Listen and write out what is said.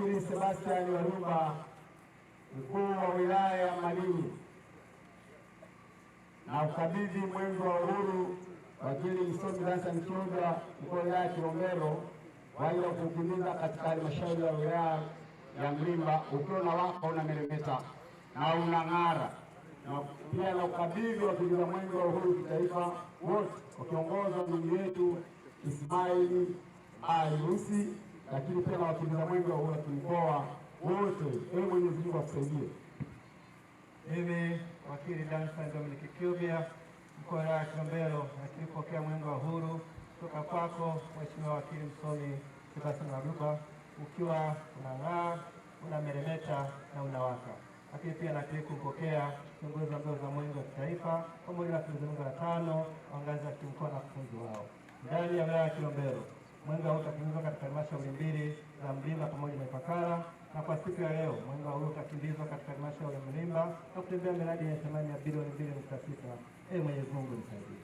wakili Sebastian Warumba, mkuu wa wilaya ya Malinyi, na ukabidhi mwenge wa uhuru wakili Msomi Hassan Kiuda, mkuu wa wilaya ya Kilombero, kwa ajili ya katika halmashauri ya wilaya ya Mlimba, ukiwa na waka unameremeta na ng'ara na pia na ukabidhi wa wa mwenge wa uhuru kitaifa wote wakiongozwa ndugu yetu Ismaili ayusi lakini pia na wakimbiza mwenge wa uhuru kimkoa wote, ewe Mwenyezi Mungu akusaidie. Mimi wakili Danstan Dominic Kiubia, mkuu wa wilaya ya Kilombero, lakini kupokea mwenge wa uhuru kutoka kwako mheshimiwa wakili msomi Sebastian Mwabuka, ukiwa unang'aa, unameremeta na unawaka. Lakini pia nakiri kumpokea kiongozi wa mbio za mwenge wa kitaifa pamoja na wakimbiza mwenge wa tano wa ngazi ya kimkoa na kufunzi wao ndani ya wilaya ya Kilombero. Mwenge huu utakimbizwa katika halmashauri mbili za Mlimba pamoja na Ifakara, na kwa siku ya leo mwenge huu utakimbizwa katika halmashauri ya Mlimba na kutembea miradi yenye thamani ya bilioni mbili nukta sita. Ee Mwenyezi Mungu nisaidie.